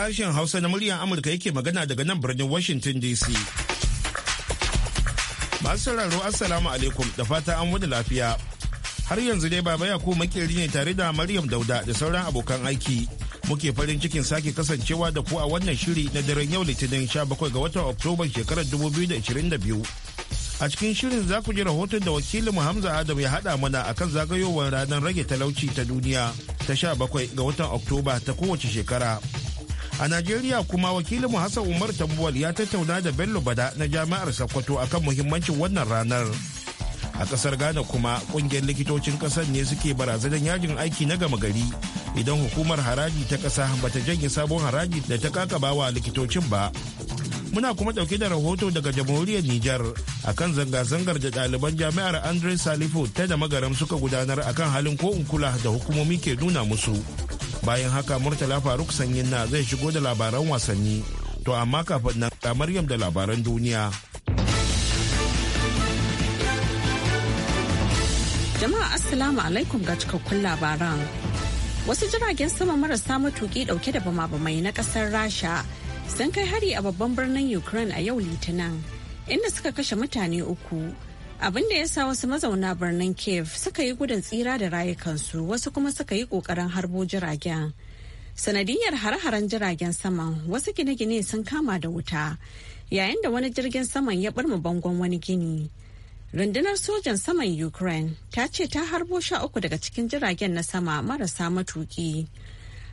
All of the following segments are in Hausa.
Sashen Hausa na muryar Amurka yake magana daga nan birnin Washington DC. Masu sauraro Assalamu alaikum da fata an wani lafiya. Har yanzu dai Baba Yakubu makeri ne tare da Maryam Dauda da sauran abokan aiki. Muke farin cikin sake kasancewa da ku a wannan shiri na daren yau Litinin 17 ga watan Oktoba shekarar 2022. a cikin shirin za ku ji rahoton da wakilin hamza adam ya haɗa mana akan zagayowar ranar rage talauci ta duniya ta sha ga watan oktoba ta kowace shekara a najeriya kuma wakilin hassan umar tambuwal ya tattauna da bello bada na jami'ar sokoto akan muhimmancin wannan ranar a ƙasar ghana kuma ƙungiyar likitocin kasar ne suke barazanar yajin aiki na gama gari idan hukumar haraji ta ƙasa bata janye sabon haraji da ta kakabawa likitocin ba muna kuma ɗauke da rahoto daga jamhuriyar Nijar akan zanga-zangar da ɗaliban jami'ar Andre Salifu ta da magaram suka gudanar akan halin ko in kula da hukumomi ke nuna musu. bayan haka murtala faruk sanyin na zai shigo da labaran wasanni to amma kafin na ga maryam da labaran duniya jama'a assalamu alaikum ga cikakkun labaran wasu jiragen sama marasa matuki dauke da bama-bamai na kasar rasha sun kai hari a babban birnin ukraine a yau litinin inda suka kashe mutane uku abin da ya sa wasu mazauna birnin kiev suka yi gudun tsira da rayukansu wasu kuma suka yi kokarin harbo jiragen sanadiyar hare-haren jiragen saman wasu gine-gine sun kama da wuta yayin da wani jirgin saman ya birma bangon wani gini rundunar sojan saman ukraine ta ce ta harbo sha uku daga cikin jiragen na sama marasa matuki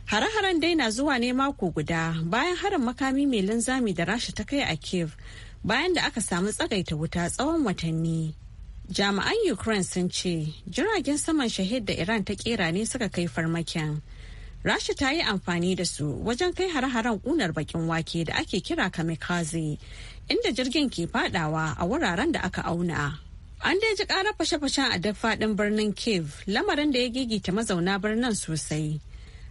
hare-haren dai na zuwa ne mako guda bayan harin makami mai linzami da rasha ta kai a kiev bayan da aka samu tsagaita wuta tsawon watanni. Jami'an Ukraine sun ce jiragen saman shahid da Iran ta kera ne suka kai farmakin. Rasha ta yi amfani da su wajen kai hare-haren kunar bakin wake da ake kira kamikaze inda jirgin ke fadawa a wuraren da aka auna. An dai ji karar fashe-fashen a duk faɗin birnin Kiev, lamarin da ya gigita mazauna birnin sosai.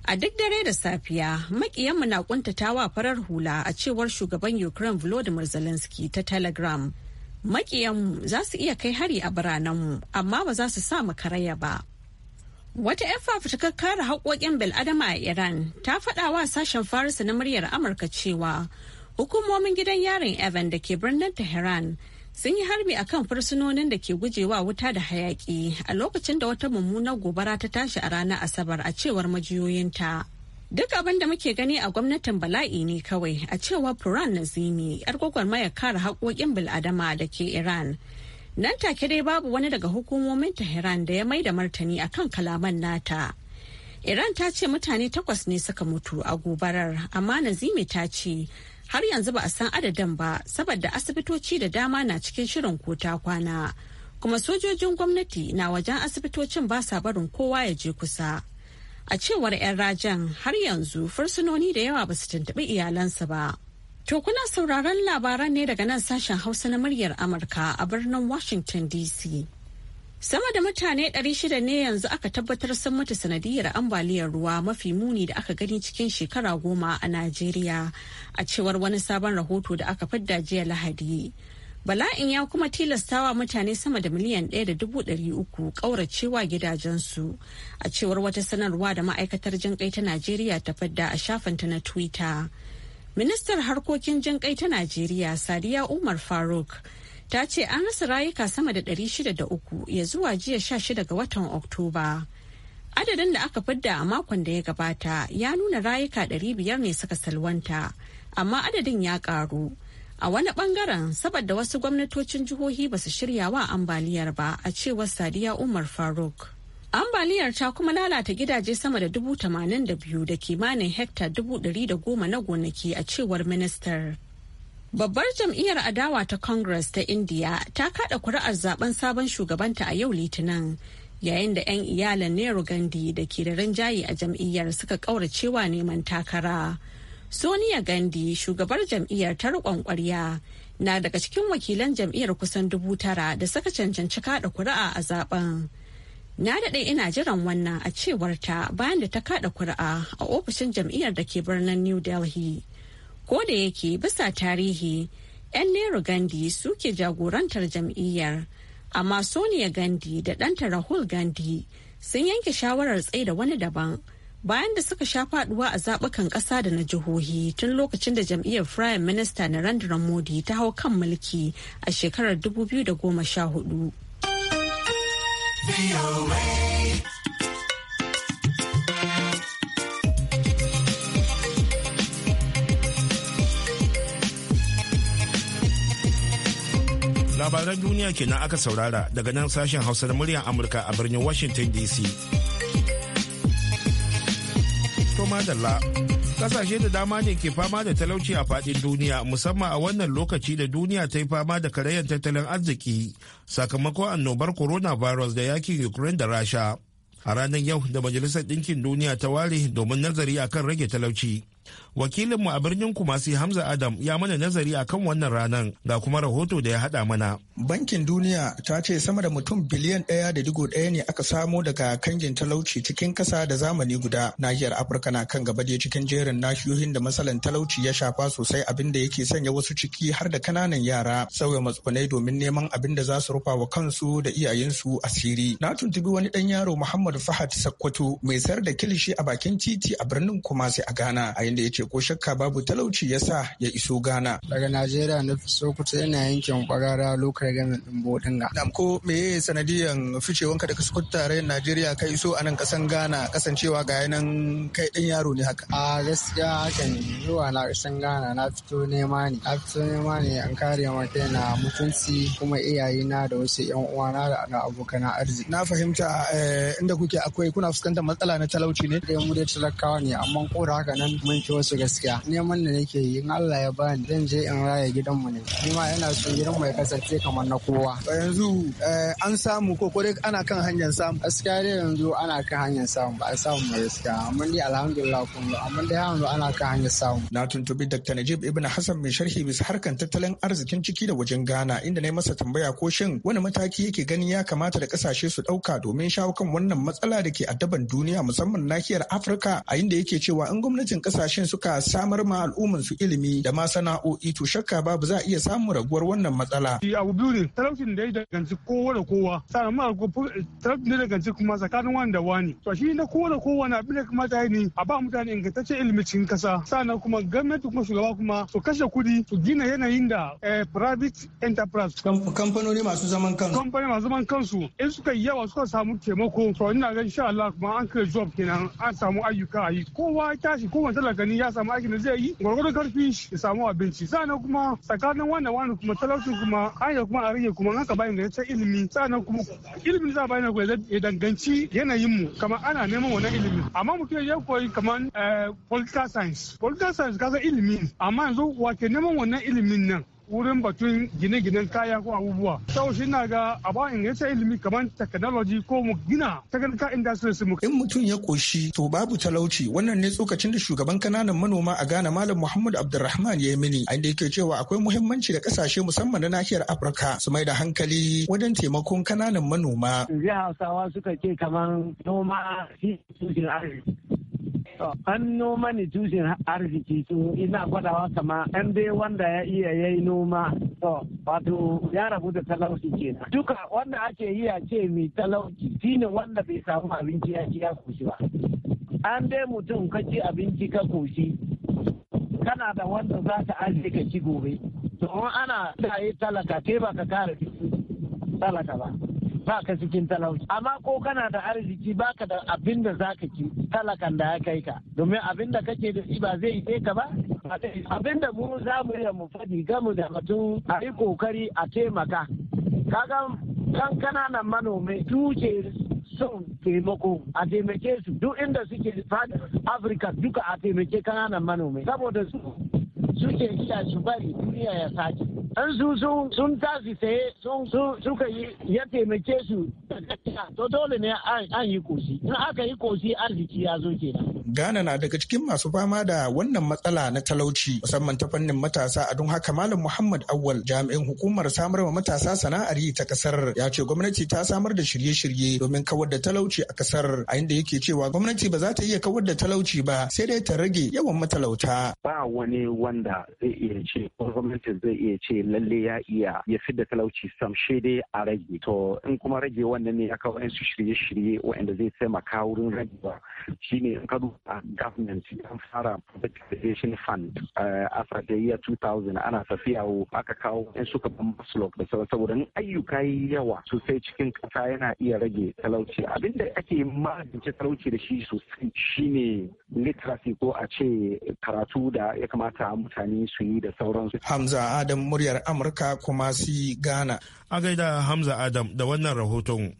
A duk dare da safiya, makiyanmu na kuntatawa farar hula a cewar shugaban Ukraine Volodymyr Zelensky ta Telegram. Makiyanmu za su iya kai hari a biranenmu, amma ba za su sa mu karaya ba. Wata 'yan fafutukar kare haƙoƙin bil'adama a Iran ta faɗa wa sashen Farisa na muryar Amurka cewa hukumomin gidan yarin Evan da ke birnin Tehran sun yi harbi a kan fursunonin da ke gujewa wuta da hayaƙi, a lokacin da wata mummunar gobara ta tashi a ranar asabar a cewar majiyoyinta duk abin da muke gani a gwamnatin bala'i ne kawai a cewar furan nazimi yar gwagwarmayar kare haƙoƙin bil'adama da ke iran nan take dai babu wani daga hukumomin tehran da ya mai da martani akan kalaman nata iran ta ce mutane takwas ne suka mutu a gobarar amma nazimi ta ce har yanzu ba a san adadin ba saboda asibitoci da dama na cikin shirin ko ta kwana kuma sojojin gwamnati na wajen asibitocin ba sa barin kowa ya je kusa a cewar 'yan rajan har yanzu fursunoni da yawa ba su tuntuɓi iyalansu ba to kuna sauraron labaran ne daga nan sashen hausa na muryar amurka a birnin washington dc Sama da mutane 600 ne yanzu aka tabbatar sun mutu sanadiyar ambaliyar ruwa mafi muni da aka gani cikin shekara goma a Najeriya a cewar wani sabon rahoto da aka fidda jiya Lahadi. Bala'in ya kuma tilastawa mutane sama da miliyan ɗaya da dubu ɗari uku ƙauracewa gidajensu a cewar wata sanarwa da ma'aikatar jinƙai ta Najeriya ta fadda a shafinta na Twitter. Ministar harkokin jinƙai ta Najeriya Sadiya Umar Faruk ta ce an rasa rayuka sama da 603 ya zuwa jiya 16 ga watan oktoba adadin da aka fidda a makon da ya gabata ya nuna rayuka 500 ne suka salwanta amma adadin ya karu a wani bangaren saboda wasu gwamnatocin jihohi ba su shirya wa ambaliyar ba a cewar sadiya umar faruk ambaliyar ta kuma lalata gidaje sama da dubu tamanin da biyu da kimanin hekta dubu ɗari da goma na gonaki a cewar ministar Babbar jam'iyyar adawa ta Congress ta India ta kada kuri'ar zaben sabon shugabanta a yau Litinin. Yayin da 'yan iyalan Nehru Gandhi da ke da rinjaye a jam'iyyar suka kauracewa neman takara. Sonia Gandhi shugabar jam'iyyar ta rikon kwarya na daga cikin wakilan jam'iyyar kusan dubu tara da suka cancanci kada kuri'a a zaben. Na daɗe ina jiran wannan a cewarta bayan da ta kada kuri'a a ofishin jam'iyyar da ke birnin New Delhi. ko da yake bisa tarihi 'yan nero gandhi suke jagorantar jam'iyyar amma sonia gandhi da ɗanta rahul gandhi sun yanke shawarar da wani daban bayan da suka sha faduwa a zaɓukan ƙasa da na jihohi tun lokacin da jam'iyyar prime minister narendra modi ta hau kan mulki a shekarar 2014 labaran duniya kenan aka saurara daga nan sashen hausa na muryar amurka a birnin washington dc madalla kasashe da dama ne ke fama da talauci a fadin duniya musamman a wannan lokaci da duniya ta yi fama da karayar tattalin arziki sakamakon annobar coronavirus da yakin ukraine da rasha a ranar yau da majalisar ɗinkin duniya ta ware domin nazari akan rage talauci wakilinmu a birnin kumasi hamza adam ya mana nazari a kan wannan ranar ga kuma rahoto da ya hada mana bankin duniya ta ce sama da mutum biliyan ɗaya da digo ɗaya ne aka samo daga kangin talauci cikin kasa da zamani guda nahiyar afirka na kan gaba cikin jerin nahiyoyin da matsalan talauci ya shafa sosai abin da yake sanya wasu ciki har da kananan yara sauya matsugunai domin neman abin da za su rufa wa kansu da iyayensu asiri na tuntubi wani ɗan yaro muhammad fahad sakkwato mai sayar da kilishi a bakin titi a birnin kumasi a ghana a inda ya ce ko shakka babu talauci ya sa ya iso Ghana. Daga Najeriya na fi so kuta yana yankin kwarara lokar ganin ɗin Bodinga. Na ko me sanadiyan ficewanka daga Sokoto tare Najeriya ka iso a nan ƙasan Ghana kasancewa ga yanan kai ɗan yaro ne haka. A gaskiya haka ne zuwa na ƙasan Ghana na fito nema ne. Na fito nema ne an kare ma na mutunci kuma na da wasu 'yan uwana da abokan arziki. Na fahimta eh, inda kuke akwai kuna fuskantar matsala na talauci ne. Dai mu dai talakawa ne amma ko da haka nan mun ci wasu gaskiya neman da nake yi in Allah ya bani zan je in raya gidanmu ne ni ma ina so gidan mai kasance kamar na kowa yanzu eh, an samu ko kore ana kan hanyar samu gaskiya ne yanzu ana kan hanyar samu ba a samu ba gaskiya amma dai alhamdulillah kun amma dai yanzu ana kan hanyar samu na tuntubi Dr. Najib Ibn Hassan mai sharhi bisa harkan tattalin arzikin ciki da wajen Ghana inda na yi masa tambaya ko shin wani mataki yake ganin ya kamata da kasashe su dauka domin shawo kan wannan matsala da ke addaban duniya musamman nahiyar Afirka a inda yake cewa in gwamnatin kasashen suka suka samar ma al'umman su ilimi da ma sana'o'i to shakka babu za a iya samun raguwar wannan matsala. abu biyu ne talaucin da ya danganci kowa da kowa sannan talaucin da ya danganci kuma tsakanin wani da wani to shi na kowa da kowa na abin da ta yi ne a ba mutane ingantaccen ilimin cikin kasa sannan kuma gwamnati kuma shugaba kuma su kashe kuɗi su gina yanayin da eh, private enterprise. kamfanoni masu zaman kansu. kamfanoni masu zaman kansu in suka yi yawa suka samu taimako to ina ganin sha Allah kuma an kai job kenan an samu ayyuka a yi kowa ya tashi kowa talaka ni ya ya samu aikin da zai yi gwargwadon karfi ya samu abinci sannan kuma tsakanin wannan wani kuma talaucin kuma hanyar kuma a rage kuma haka bayan da ta ilimi sannan kuma ilimin za a bayan kuma ya danganci yanayin mu kamar ana neman wannan ilimi amma mutum ya koyi kamar eh, political science political science kasa ilimi amma yanzu wake neman wannan ilimin nan wurin batun gine-ginen kaya ko abubuwa sau shi na ga a ba yasa ilimi kamar technology ko mu gina ta technical industries mu in mutum ya koshi to babu talauci wannan ne tsokacin da shugaban kananan manoma a Ghana Malam Muhammad Abdulrahman ya yi mini inda yake cewa akwai muhimmanci da kasashe musamman na nahiyar Afirka su mai da hankali wajen taimakon kananan manoma. Yanzu Hausawa suka ce kamar noma shi an noma ne tushen arziki to ina gwadawa kama an dai wanda ya iya yayi noma to wato ya rabu da talauci kenan duka wanda ake yi a ce mai talauci ne wanda bai samu abinci ya ci ya koshi ba an dai mutum ka ci abinci ka koshi kana da wanda za ta ajiye ka ci gobe to ana ta yi talaka ke ba ka kare talaka ba baka cikin talauci amma ko kana da arziki baka da abin da zaka ki talakan da ya kai ka domin abin da kake da shi ba zai yi ka ba abin da mu za mu yi mu faɗi gamu da mutum a yi kokari a taimaka kaga kan kananan manomi tuce son taimako a taimake su duk inda suke fadin afirka duka a taimake kananan manomi saboda su suke iya su bari duniya ya sake an su sun tashi tsaye sun suka yi ya taimake su to dole ne an yi kosi in aka yi kosi arziki ya zo kenan Ghana na daga cikin masu fama da wannan matsala na talauci musamman ta fannin matasa a don haka Malam Muhammad Awal jami'in hukumar samar wa matasa sana'ar yi ta kasar ya ce gwamnati ta samar da shirye-shirye domin kawar da talauci a kasar a inda yake cewa gwamnati ba za ta iya kawar da talauci ba sai dai ta rage yawan matalauta. Ba wani wanda zai iya ce gwamnati zai iya ce lalle ya iya ya fi da talauci sam shi dai a rage. To in kuma rage wannan ne aka su shirye-shirye wa'anda zai taimaka wurin rage ba shine in ka a government an fara public Education fund a fatayya 2000 ana tafiya aka kawo in suka ban maslok da saboda in ayyuka yi yawa sosai cikin kasa yana iya rage talauci abinda ake magance talauci da shi sosai shine literacy ko a ce karatu da ya kamata mutane su yi da sauransu. Hamza Adam muryar Amurka kuma si Ghana. A gaida Hamza Adam da wannan rahoton.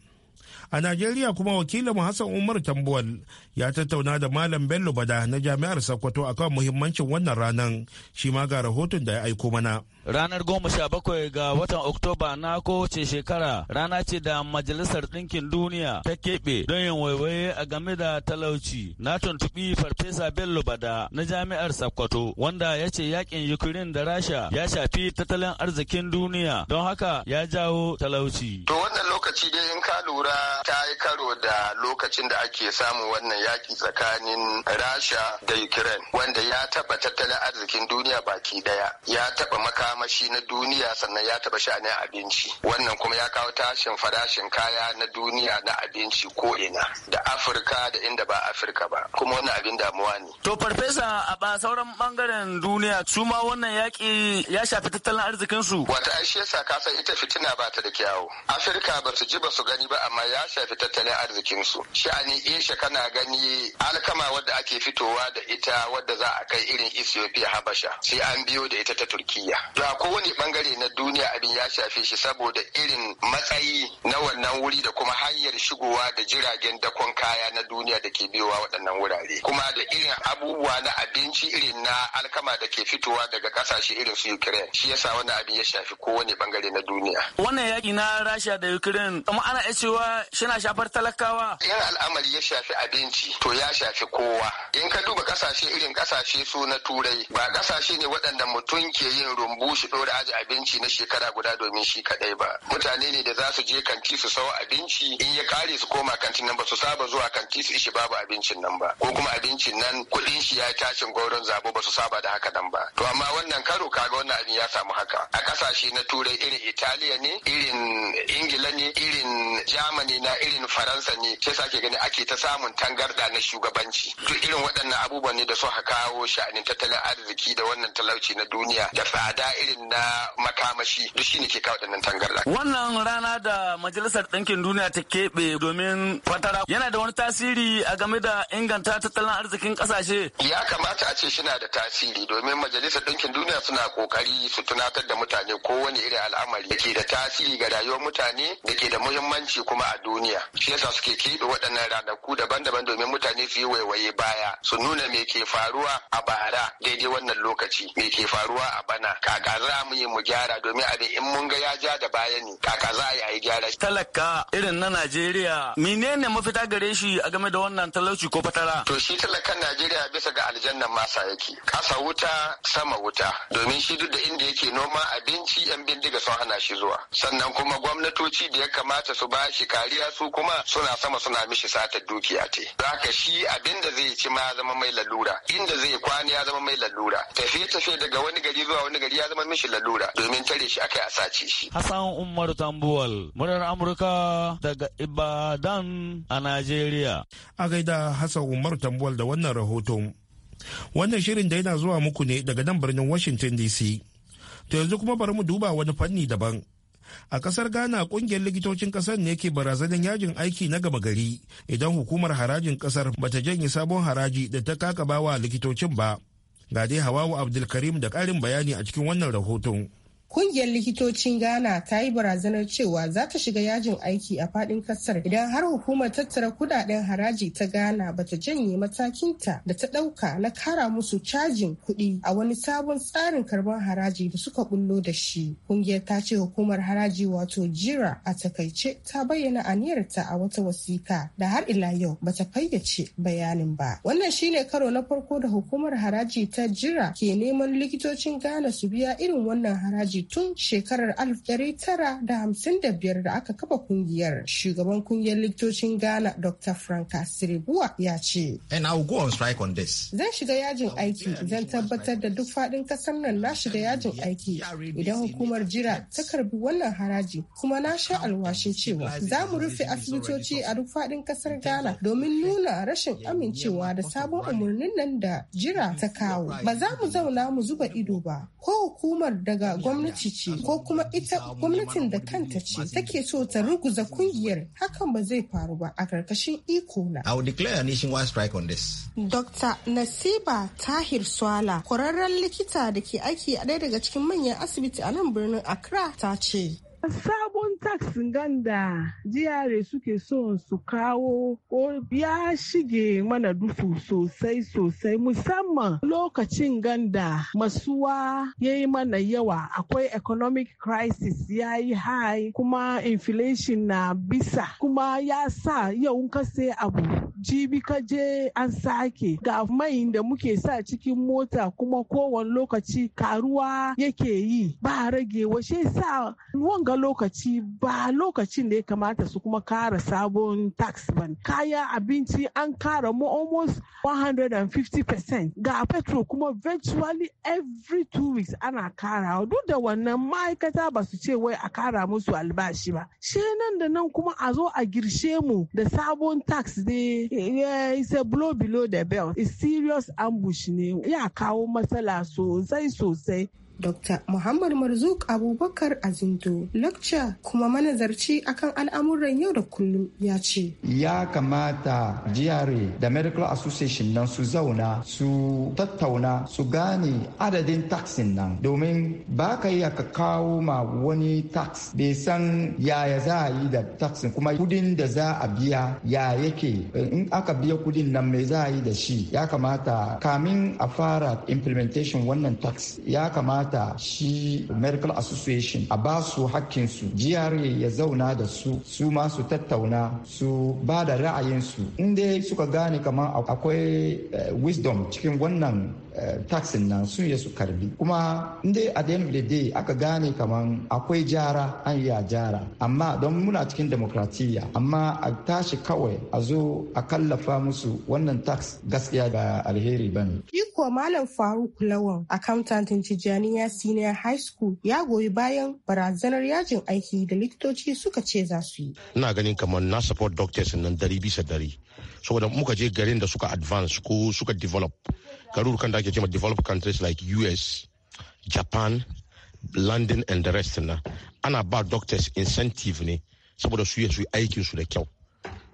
A Najeriya kuma wakilin Hassan Umar Tambuwal ya tattauna da Malam Bello Bada na Jami'ar Sokoto akan muhimmancin wannan ranar shi ma ga rahoton da ya aiko mana. Ranar goma sha bakwai ga watan Oktoba na kowace shekara rana ce da Majalisar Ɗinkin Duniya ta keɓe don yin waiwaye a game da talauci. Na tuntubi Farfesa Bello Bada na Jami'ar Sakkwato, wanda ya ce yakin Ukraine da Rasha ya shafi tattalin arzikin duniya don haka ya jawo talauci. To wannan lokaci dai in ka lura ta yi karo da lokacin da ake samun wannan yaki tsakanin Rasha da Ukraine wanda ya taɓa tattalin arzikin duniya baki daya ya taɓa makama makamashi na duniya sannan ya taɓa sha'anin abinci wannan kuma ya kawo tashin farashin kaya na duniya na abinci ko ina da afirka da inda ba afirka ba kuma wannan abin damuwa ne to farfesa a ba sauran bangaren duniya su wannan yaƙi ya shafi tattalin arzikin su wata ai shi yasa kasan ita fitina ba ta da kyawu afirka ba su ji ba su gani ba amma ya shafi tattalin arzikin su sha'anin esha kana gani alkama wadda ake fitowa da ita wadda za a kai irin ethiopia habasha sai an biyo da ita ta turkiya a kowane bangare na duniya abin ya shafe shi saboda irin matsayi na wannan wuri da kuma hanyar shigowa da jiragen dakon kaya na duniya da ke biyowa waɗannan wurare kuma da irin abubuwa na abinci irin na alkama da ke fitowa daga ƙasashe irin su ukraine shi yasa wannan abin ya shafi kowane bangare na duniya wannan yaki na rasha da ukraine kuma ana iya cewa shina shafar talakawa in al'amari ya shafi abinci to ya shafi kowa in ka duba ƙasashe irin ƙasashe su na turai ba ƙasashe ne waɗanda mutum ke yin rumbu shi ɗora aji abinci na shekara guda domin shi kaɗai ba mutane ne da za su je kanti su sawa abinci in ya kare su koma kantin nan ba su saba zuwa kanti su ishi babu abincin nan ba ko kuma abincin nan kuɗin shi ya tashin gwauron zabo ba su saba da haka nan ba to amma wannan karo kaga wannan abin ya samu haka a kasashe na turai irin italiya ne irin ingila ne irin germany na irin faransa ne sai sake gani ake ta samun tangarda na shugabanci duk irin waɗannan abubuwan ne da suka kawo sha'anin tattalin arziki da wannan talauci na duniya da tsada irin na makamashi duk ne ke kawo ɗannan tangarɗa. Wannan rana da Majalisar Ɗinkin Duniya ta keɓe domin fatara yana da wani tasiri a game da inganta tattalin arzikin ƙasashe. Ya kamata a ce shina da tasiri domin Majalisar Ɗinkin Duniya suna ƙoƙari su tunatar da mutane kowane irin al'amari da ke da tasiri ga rayuwar mutane da ke da muhimmanci kuma a duniya. Shi yasa suke keɓe waɗannan ranaku daban-daban domin mutane su yi waiwaye baya su nuna me ke faruwa a bara daidai wannan lokaci me ke faruwa a bana kaga kaka za mu yi mu gyara domin abin in mun ga ya ja da baya ne kaka za a yi gyara. Talaka irin na Najeriya menene mafita gare shi a game da wannan talauci ko fatara? To shi talakan Najeriya bisa ga aljannan masa yake kasa wuta sama wuta domin shi duk da inda yake noma abinci yan bindiga sun hana shi zuwa sannan kuma gwamnatoci da ya kamata su ba shi kariya su kuma suna sama suna mishi satar dukiya ce. Zaka shi abinda zai ci ma ya zama mai lalura inda zai kwani ya zama mai lalura tafiye-tafiye daga wani gari zuwa wani gari ya zama zama mishi lalura domin tare shi akai a sace shi. Hassan Umar Tambuwal, murar Amurka daga Ibadan a Najeriya. A gaida Hassan Umar Tambuwal da wannan rahoton. Wannan shirin da yana zuwa muku ne daga nan birnin Washington DC. To yanzu kuma bari mu duba wani fanni daban. A kasar Ghana kungiyar likitocin kasar ne ke barazanar yajin aiki na gama gari idan hukumar harajin kasar bata janye sabon haraji da ta bawa likitocin ba. Ga dai Hawawu Abdulkarim da ƙarin bayani a cikin wannan rahoton. Kungiyar likitocin Ghana ta yi barazanar cewa za ta shiga yajin aiki a fadin kasar idan har hukumar tattara kudaden haraji ta Ghana ba ta janye matakinta da ta ɗauka na kara musu cajin kuɗi a wani sabon tsarin karban haraji da suka bullo da shi. Kungiyar ta ce hukumar haraji wato jira a takaice ta bayyana aniyarta a wata wasika da har ila yau ba ta fayyace bayanin ba. Wannan shi ne karo na farko da hukumar haraji ta jira ke neman likitocin Ghana su biya irin wannan haraji daji tun shekarar 1955 da aka kafa kungiyar shugaban kungiyar likitocin Ghana Dr. Frank Siribuwa ya ce. And I on strike on this. Zan shiga yajin aiki zan tabbatar da duk faɗin kasar nan na shiga yajin aiki idan hukumar jira ta karbi wannan haraji kuma na sha alwashin cewa za mu rufe asibitoci a duk faɗin kasar Ghana domin nuna rashin amincewa da sabon umarnin nan da jira ta kawo. Ba za mu zauna mu zuba ido ba ko hukumar daga gwamnati gwamnati ce ko kuma ita gwamnatin da kanta ce take so ta ruguza kungiyar hakan ba zai faru ba a karkashin iko na. I will declare a nationwide strike on this. Dr. Nasiba Tahir Swala, kwararren likita da ke aiki a ɗaya daga cikin manyan asibiti a nan birnin Accra ta ce. sabon tax ganda GRA suke so su kawo ko ya shige mana dufu sosai sosai musamman lokacin ganda masuwa ya yi mana yawa akwai economic crisis ya yi high kuma inflation na bisa kuma ya sa yau ka sai abu jibi ka je an sake ga mai da muke sa cikin mota kuma kowane lokaci karuwa yake yi ba rage washe sa wanga lokaci ba lokacin da ya kamata su kuma kara sabon tax ban kaya abinci an kara mu almost 150% ga petrol kuma virtually every two weeks ana kara duk da wannan ma'aikata ba su ce wai a kara musu albashi ba she nan da nan kuma a zo a girshe mu da sabon tax dai eh, is a blow below the belt is serious ambush ne ya kawo matsala sosai sosai Dr. Muhammad Marzuk Abubakar Azindo, lakca kuma manazarci akan al'amuran yau da kullum ya ce. Ya kamata GRA da Medical Association nan su zauna su tattauna su gane adadin taxin nan domin ba ka yi ka kawo ma wani tax bai san yaya za a yi da taxin kuma kudin da za a biya ya yake in aka biya kudin nan mai za a yi da shi ya kamata kamin a fara implementation wannan tax ya kamata kamata shi medical association a ba su su GRA ya zauna da su su ma su tattauna su ba da ra'ayinsu inda suka gane kamar akwai eh, wisdom cikin wannan Eh, taxin nan sun ya su karbi kuma inda a the end of the aka gane kaman akwai jara an yi a jara amma don muna cikin demokratiya amma a tashi kawai a zo a kallafa musu wannan tax gaskiya ba alheri ba ne. ko malam faruk lawan accountant tijjaniya senior high school ya goyi bayan barazanar yajin aiki da likitoci suka ce za su yi ina ganin kamar na support doctors nan dari bisa dari saboda muka je garin da suka advance ko suka develop garurukan da ake cewa develop countries like US Japan London and the rest na ana ba doctors incentive ne saboda su yi aikin su da kyau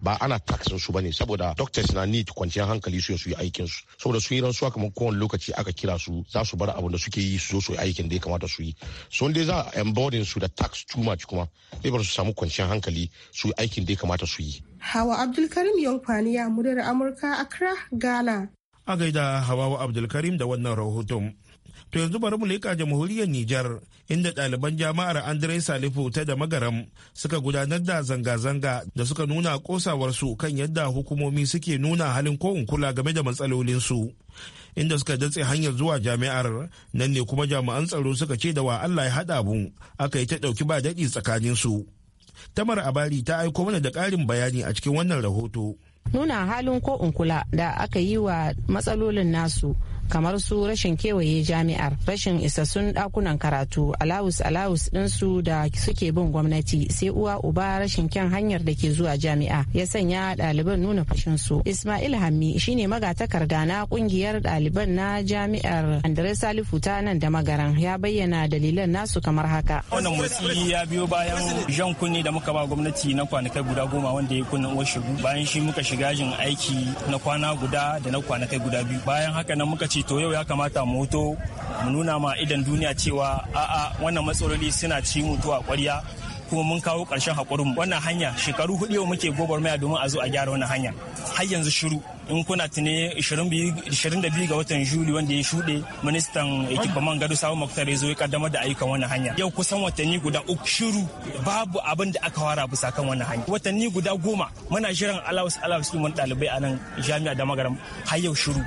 ba ana taxin su bane saboda doctors na need kwanciyar hankali su su yi aikin su saboda su yi su kamar kowane lokaci aka kira su za su bar abin da suke yi su zo su yi aikin da ya kamata su yi so dai za a embodying su da tax too much kuma zai bar su samu kwanciyar hankali su yi aikin da ya kamata su yi Hawa Abdulkarim Yankwaniya muryar Amurka a Accra, Ghana. A gaida Hawawa Abdulkarim da wannan rahoton. To yanzu bari mu leƙa jamhuriyar Nijar inda ɗaliban jama'ar Andrey Salifu ta da magaram suka gudanar da zanga-zanga da suka nuna kosawarsu kan yadda hukumomi suke nuna halin ko kula game da matsalolinsu. Inda suka datse hanyar zuwa jami'ar nan ne kuma jami'an tsaro suka ce da wa Allah ya haɗa mu aka yi ta ɗauki ba daɗi tsakaninsu. su. Tamar Abari ta aiko mana da ƙarin bayani a cikin wannan rahoto. Nuna halin ko unkula da aka yi wa matsalolin nasu kamar su rashin kewaye jami'ar rashin isassun dakunan karatu alawus alawus ɗinsu da suke bin gwamnati sai uwa uba rashin kyan hanyar da ke zuwa jami'a ya sanya ɗaliban nuna fashin su ismail hammi shine magatakarda na kungiyar ɗaliban na jami'ar andres salifu ta nan da magaran ya bayyana dalilan nasu kamar haka wannan motsi ya biyo bayan jan kunni da muka ba gwamnati na kwanakai guda goma wanda ya kunna uwar shigu bayan shi muka shiga jin aiki na kwana guda da na kwanakai guda biyu bayan haka nan muka lokaci to yau ya kamata mu hoto mu nuna ma idan duniya cewa a'a wannan matsaloli suna ci mutu a ƙwarya kuma mun kawo ƙarshen haƙurin wannan hanya shekaru hudu yau muke gobar maya domin a zo a gyara wannan hanya har yanzu shiru in kuna tuni 22 ga watan juli wanda ya shuɗe ministan ekipaman gado samu maktar ya zo ya kaddamar da ayyukan wannan hanya yau kusan watanni guda uku shiru babu abin da aka fara bisa kan wannan hanya watanni guda goma muna shirin alawus alawus ɗin wani ɗalibai a nan jami'a da magaram har yau shiru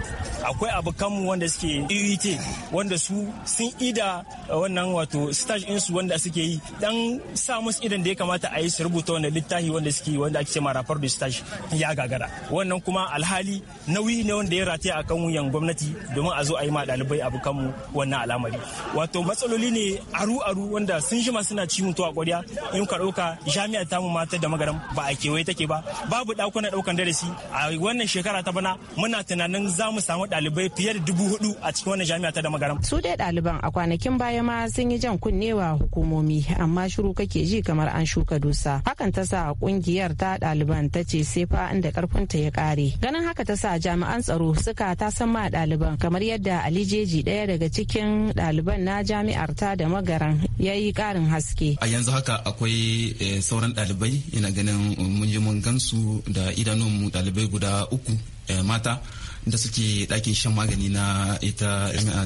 akwai abokanmu wanda suke irite e wanda su sun ida eh, wannan wato stage su wanda suke yi dan sa musu idan da ya kamata a yi su rubuta wannan littafi wanda suke wanda ake ce ma rafar da stage ya gagara wannan kuma alhali alhali nauyi ne wanda ya rataya a kan wuyan gwamnati domin a zo a yi ma ɗalibai abu kanmu wannan al'amari wato matsaloli ne aru aru wanda sun shima suna ci mutu a ƙwarya in ka ɗauka jami'a ta mu mata da magaram ba a kewaye take ba babu ɗakuna ɗaukan darasi a wannan shekara ta bana muna tunanin za mu samu ɗalibai fiye da dubu hudu a cikin wannan jami'a ta da magaram. su dai ɗaliban a kwanakin baya ma sun yi jan kunnewa hukumomi amma shiru kake ji kamar an shuka dusa hakan ta sa kungiyar ta ɗaliban ta ce sai fa inda ƙarfinta ya ƙare ganin haka haka ta sa jami'an tsaro suka san ma ɗaliban kamar yadda alijeji ɗaya daga cikin ɗaliban na jami'ar ta da magaran ya yi ƙarin haske a yanzu haka akwai eh, sauran ɗalibai ina ganin eh, mun yi mun gansu da idanunmu ɗalibai guda uku eh, mata da suke ɗakin shan magani na ita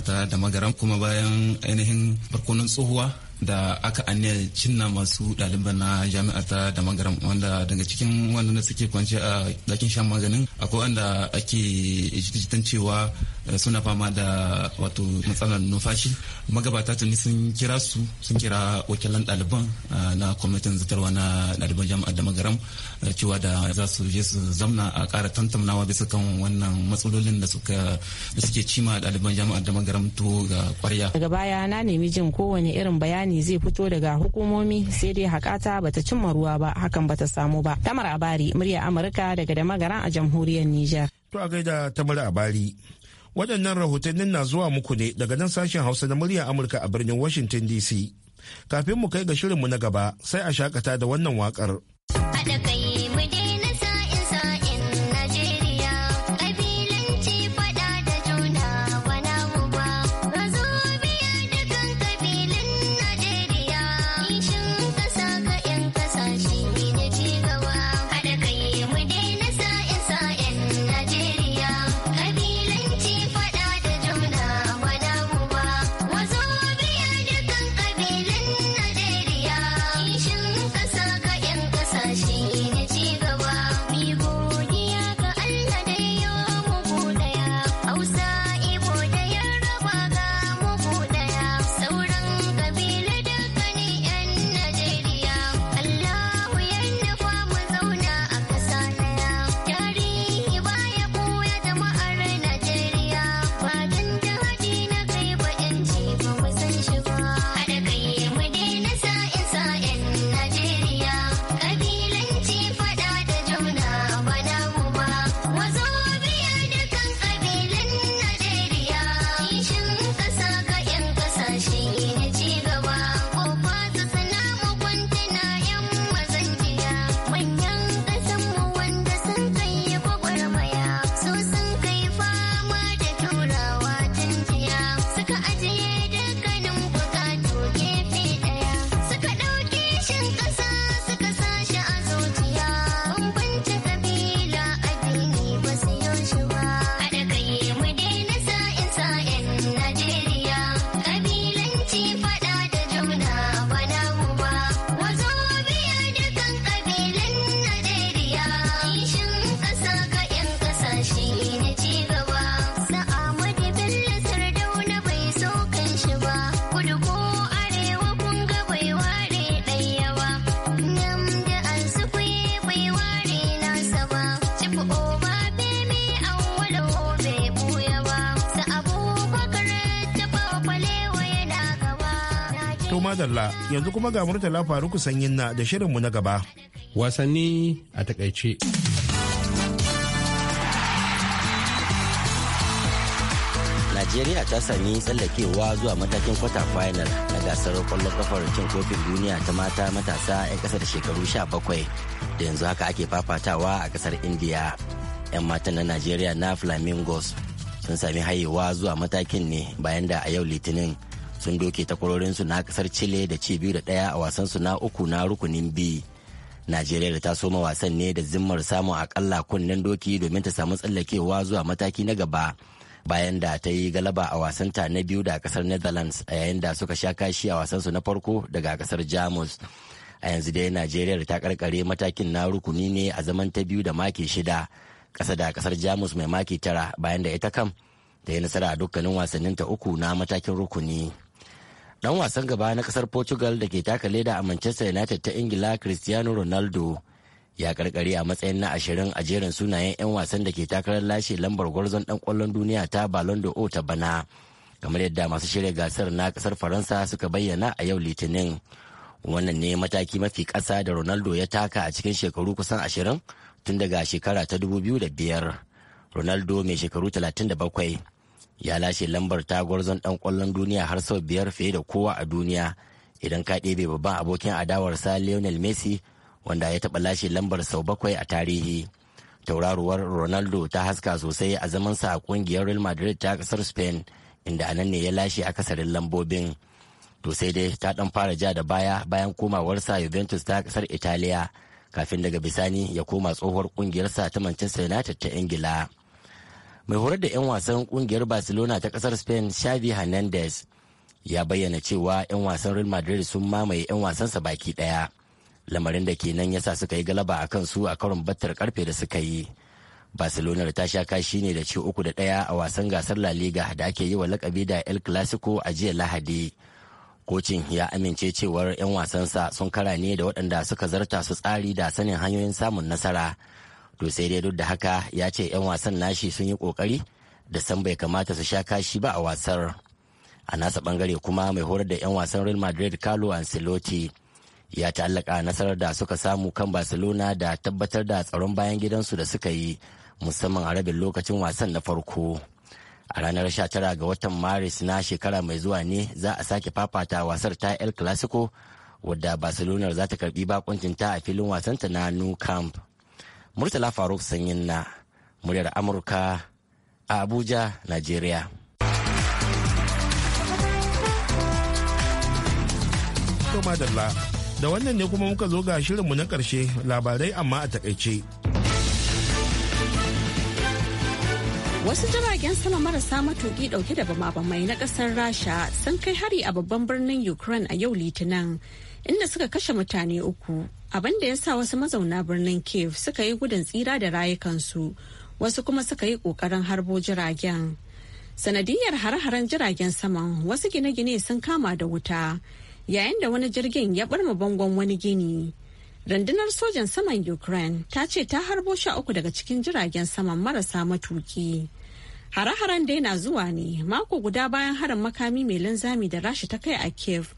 ta da magaran kuma bayan ainihin barkonon tsohuwa da aka anya cinna masu ɗaliban na jami'ar ta da magaram wanda daga cikin wanda suke kwanci a ɗakin shan maganin akwai wanda ake jitan cewa Eh, suna fama da wato matsalar numfashi magabata tuni sun kira su sun kira wakilan ɗaliban eh, na kwamitin zitarwa na ɗaliban jami'ar da magaram eh, cewa da za su je su zamna a kara tantamnawa bisa kan wannan matsalolin da suka da suke cima ɗaliban jami'ar da magaram to ga kwarya. daga baya na nemi jin kowane irin bayani zai fito daga hukumomi sai dai hakata bata cimma ruwa ba hakan bata samu ba tamar abari murya amurka daga da magaran a jamhuriyar niger to a gaida tamar abari waɗannan rahotannin na zuwa muku ne daga nan sashen hausa na murya amurka a birnin washington dc kafin mu kai ga shirinmu na gaba sai a shakata da wannan waƙar. madalla yanzu kuma ga murtala faruku sanyin na da shirinmu na gaba. Wasanni a takaice. Najeriya ta sami tsallakewa zuwa matakin kwata final na gasar kwallon kafar cin kofin duniya ta mata matasa 'yan kasa da shekaru 17 da yanzu haka ake fafatawa a kasar India. 'Yan matan na Najeriya na Flamingos sun sami hayewa zuwa matakin ne bayan da a yau Litinin sun doke takwarorinsu na kasar chile da ci biyu da ɗaya a wasansu na uku na rukunin b najeriya da ta soma wasan ne da zimmar samun akalla kunnen doki domin ta samu tsallakewa zuwa mataki na gaba bayan da ta yi galaba a wasanta na biyu da kasar netherlands a yayin da suka sha kashi a wasansu na farko daga kasar jamus a yanzu dai najeriya ta karkare matakin na rukuni ne a zaman ta biyu da maki shida kasa da kasar jamus mai maki tara bayan da ita kam ta yi nasara a dukkanin wasanninta uku na matakin rukuni. Dan wasan gaba na kasar Portugal da ke taka leda a Manchester United ta Ingila Cristiano Ronaldo ya karkare a matsayin na ashirin a jerin sunayen 'yan wasan da ke takarar lashe lambar gwarzon dan kwallon duniya ta Ballon d'Or ta bana. Kamar yadda masu shirya gasar na kasar Faransa suka bayyana a yau Litinin. Wannan ne mataki mafi ƙasa da Ronaldo ya taka a cikin shekaru kusan ashirin tun daga shekara ta 2005. Ronaldo mai shekaru 37 ya lashe lambar ta gwarzon dan kwallon duniya har sau biyar fiye da kowa a duniya idan ka ɗebe babban abokin adawar adawarsa lionel messi wanda ya taɓa lashe lambar sau bakwai a tarihi tauraruwar ronaldo ta haska sosai a zaman sa a ƙungiyar real madrid ta kasar spain inda anan ne ya lashe akasarin lambobin to sai dai ta ɗan fara ja da baya bayan komawarsa juventus ta kasar italiya kafin daga bisani ya koma tsohuwar kungiyarsa ta manchester united ta ingila mai horar da 'yan wasan kungiyar barcelona ta kasar spain xavi hernandez ya bayyana cewa 'yan wasan real madrid sun mamaye 'yan wasansa baki daya lamarin da kenan ya sa suka yi galaba a kan su a karon battar karfe da suka yi barcelona ta sha kashi ne da ci uku da daya a wasan gasar la liga da ake yi wa lakabi da el clasico a jiya lahadi kocin ya amince cewar 'yan wasansa sun kara ne da waɗanda suka zarta su tsari da sanin hanyoyin samun nasara to sai dai duk da haka ya ce 'yan wasan nashi sun yi kokari da san bai kamata su sha kashi ba a wasar a nasa bangare kuma mai horar da 'yan wasan real madrid carlo ancelotti ya ta'allaka nasarar da suka samu kan barcelona da tabbatar da tsaron bayan gidansu da suka yi musamman a rabin lokacin wasan na farko a ranar 19 ga watan maris na shekara mai zuwa ne za a sake fafata wasar ta el clasico wadda barcelona za ta karbi bakuncinta a filin wasanta na new camp Murtala Faruk Sanyin na muryar Amurka a Abuja, Najeriya. da wannan ne kuma muka zo ga shirinmu na ƙarshe labarai amma a takaice. Wasu jiragen sama marasa matuki ɗauke da bama-bamai na ƙasar Rasha sun kai hari a babban birnin Ukraine a yau Litinin, inda suka kashe mutane uku abin da ya sa wasu mazauna birnin cave suka yi gudun tsira da rayukansu wasu kuma suka yi kokarin harbo jiragen sanadiyar hare-haren jiragen saman wasu gine-gine sun kama da wuta yayin da wani jirgin ya barma bangon wani gini rundunar sojan saman ukraine ta ce ta harbo sha uku daga cikin jiragen saman marasa matuki hare-haren dai na zuwa ne mako guda bayan harin makami mai linzami da rashi ta kai a kiev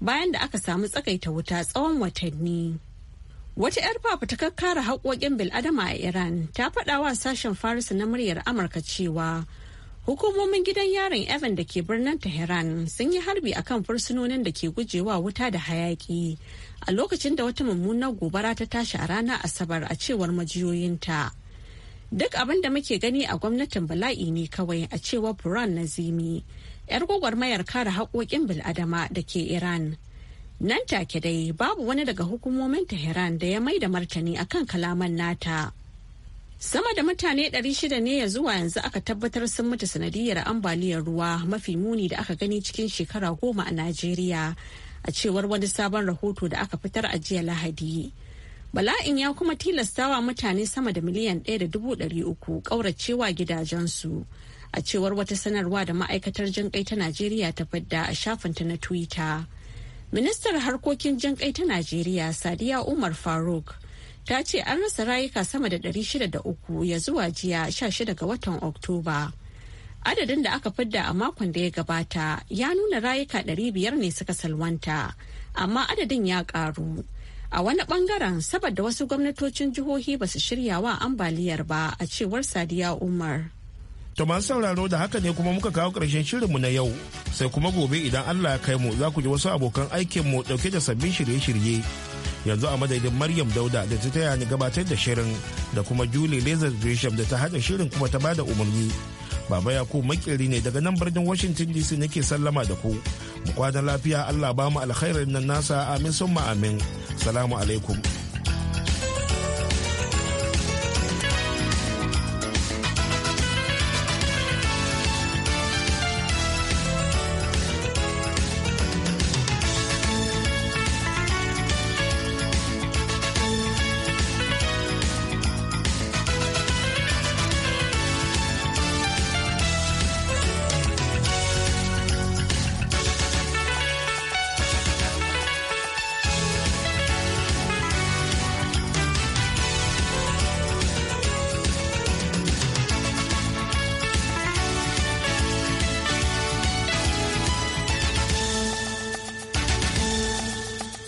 bayan da aka samu tsakaita wuta tsawon watanni Wata 'yar fafutukar kare haƙoƙin bil'adama a Iran ta faɗa wa sashen Farisa na muryar Amurka cewa hukumomin gidan yaron Evan da ke birnin Tehran sun yi harbi a kan fursunonin da ke gujewa wuta da hayaƙi a lokacin da wata mummunar gobara ta tashi a ranar Asabar a cewar majiyoyinta. Duk abin da muke gani a gwamnatin bala'i ne kawai a cewar Buran Nazimi, 'yar gwagwarmayar kare haƙoƙin bil'adama da ke Iran. Nan take dai babu wani daga hukumomin Tehran da ya mai da martani akan kalaman nata. Sama da mutane 600 ne ya zuwa yanzu aka tabbatar sun mutu sanadiyar ambaliyar ruwa mafi muni da aka gani cikin shekara goma a Najeriya a cewar wani sabon rahoto da aka fitar a jiya Lahadi. Bala'in ya kuma tilastawa mutane sama da miliyan 1.300 ƙauracewa gidajensu a cewar wata sanarwa da ma'aikatar jin ta Najeriya ta fadda a shafinta na Twitter. ministar harkokin Janƙai ta najeriya sadiya umar faruk ta ce an rasa rayuka sama da 603 ya zuwa jiya 16 ga watan oktoba adadin da aka fidda a makon da ya gabata ya nuna rayuka 500 ne suka salwanta amma adadin ya karu a wani bangaren saboda wasu gwamnatocin jihohi ba su shirya wa ambaliyar ba a cewar sadiya umar To masu sauraro da haka ne kuma muka kawo ƙarshen shirinmu na yau. Sai kuma gobe idan Allah ya kai mu za ku ji wasu abokan aikinmu ɗauke da sabbin shirye-shirye. Yanzu a madadin Maryam Dauda da ta taya ni gabatar da shirin da kuma Julie Lazar Gresham da ta haɗa shirin kuma ta bada umarni. Baba ya ku makeri ne daga nan birnin Washington DC nake sallama da ku. Mu kwana lafiya Allah ba mu alkhairar nan nasa amin summa amin. Salamu alaikum.